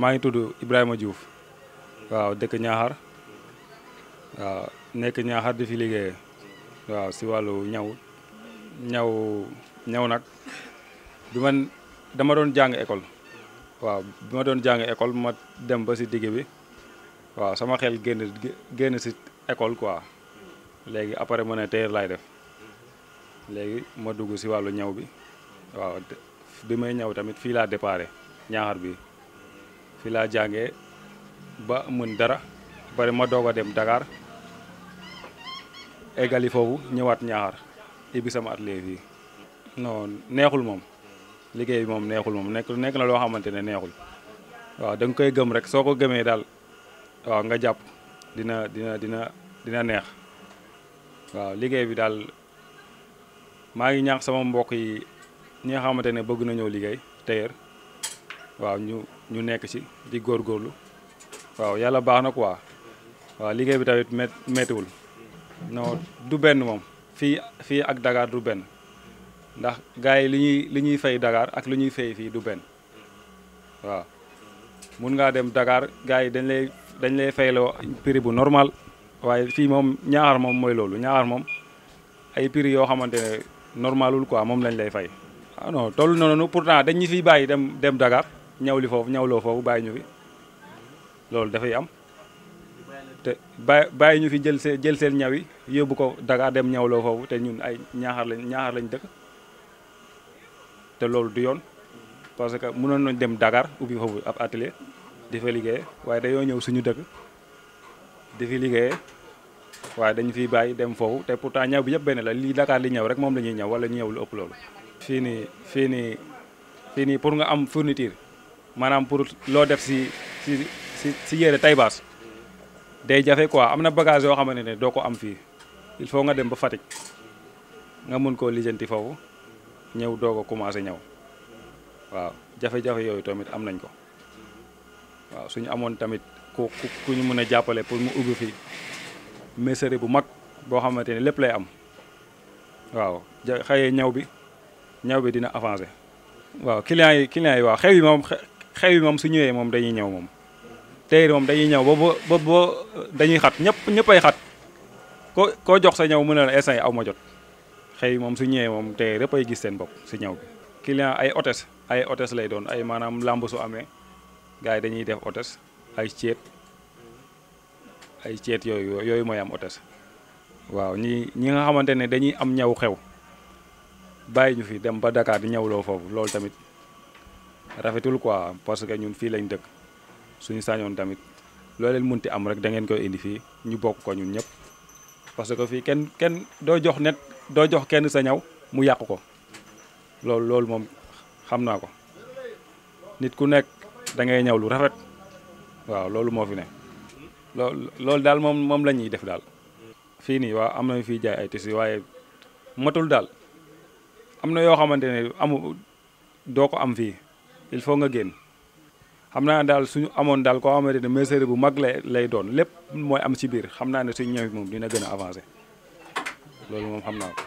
maa ngi tudd Ibrahima Diouf waaw dekk Niakhar waaw nekk Niakhar di fi liggéey waaw si walu ñaw ñaw ñaw nak bi man dama doon jàng école waaw bi ma doon jàng école ma dem ba si digg bi waaw sama xel génn génn si école quoi léegi après ma ne téer lay def léegi ma dugg si wàllu ñaw bi waaw bi may ñaw tamit fii laa déparé Niakhar bi fi laa ba mën dara bari ma dogo dem Dakar eggali fofu ñëwaat ñaar ibi sama atelier non neexul mom, liggéey mom neexul mom nek nekk na loo xamante ne neexul wa dang koy gëm rek soko gëmé dal wa nga japp dina dina dina dina neex wa liggéey bi dal, ma ngi ñaax sama mbokk yi ñi xamantene bëgg liggéey waaw ñu ñu nekk ci di góorgóorlu waaw yàlla baax na quoi waaw liggéey bi tamit mét méttiwul non du benn moom fii fii ak dagaar du benn ndax gars yi li ñuy li ñuy fay dagaar ak li ñuy fay fii du benn waaw mun ngaa dem Dakar gars yi dañ lay dañ lay fayloo piri bu normal waaye fii moom ñaaxar moom mooy loolu ñaaxar moom ay piri yoo xamante ne normalul quoi moom lañ lay fay. ah na noonu pourtant dañ ñu fiy bàyyi dem dem Dakar. ñaw li foofu ñawloo foofu bàyyi ñu fi loolu dafay am te bàyyi bàyyi ñu fi jël seen jël seen ñaw yi yóbbu ko Dakar dem ñawloo foofu te ñun ay ñaaxaar lañ ñaaxaar lañ dëkk te loolu du yoon parce que mënoon nañ dem dagaar ubbi foofu ab atelier di fa liggéeyee waaye dañoo ñëw suñu dëkk di fi liggéeyee waaye dañu fiy bàyyi dem foofu te pourtant ñaw bi yëpp benn la lii Dakar li ñëw rek moom la ñuy ñëw wala ñu ñëw lu ëpp loolu. fii nii pour nga am fourniture. maanaam pour loo def si si si si yére tay day jafe quoi am na bagage yoo xamante ne doo ko am fii il faut nga dem ba Fatick nga mun koo lijjanti foofu ñëw doog a commencé ñëw waaw jafe-jafe yooyu tamit am nañ ko waaw suñu amoon tamit ku ku ñu mën a jàppale pour mu ubbi fii mercerie bu mag boo xamante ne lépp lay am waaw ja ñaw bi ñaw bi dina avancé waaw clients yi clients yi waaw xew yi moom xew mom moom su ñëwee moom dañuy ñëw moom tey moom dañuy ñëw ba ba ba dañuy xat ñëpp ñëppay xat ko koo jox sa ñëw mu ne la instant eh, yi aw ma jot xëy moom su ñëwee moom tey rëpp ay gis seen bopp si ñëw bi client ay hôtesse ay hôtesse lay doon ay maanaam làmb su amee gars yi dañuy def hôtesse ay ceet ay ceet yooyu yooyu mooy am hôtesse waaw ñi ñi nga xamante ne dañuy am ñaw xew bàyyi ñu fi dem ba Dakar di ñawloo foofu loolu tamit rafetul quoi parce que ñun fii lañ dëkk suñu sañoon tamit loo leen munti am rek dangeen ngeen koy indi fii ñu bokk ko ñun ñëpp parce que fii kenn kenn doo jox net doo jox kenn sa ñaw mu yàq ko loolu loolu moom xam naa ko nit ku nekk da ngay ñaw lu rafet waaw loolu moo fi ne loolu daal moom moom la ñuy def daal. fii nii waaw am nañu fiy jaay ay tissus waaye matul daal am na yoo xamante ne amu doo ko am fii. il faut nga génn xam naa daal suñu amoon daal koo xamante ne messagerie bu mag lay lay doon lépp mooy am ci biir xam naa ne suñu ñëw moom dina gën avancé loolu moom xam naa ko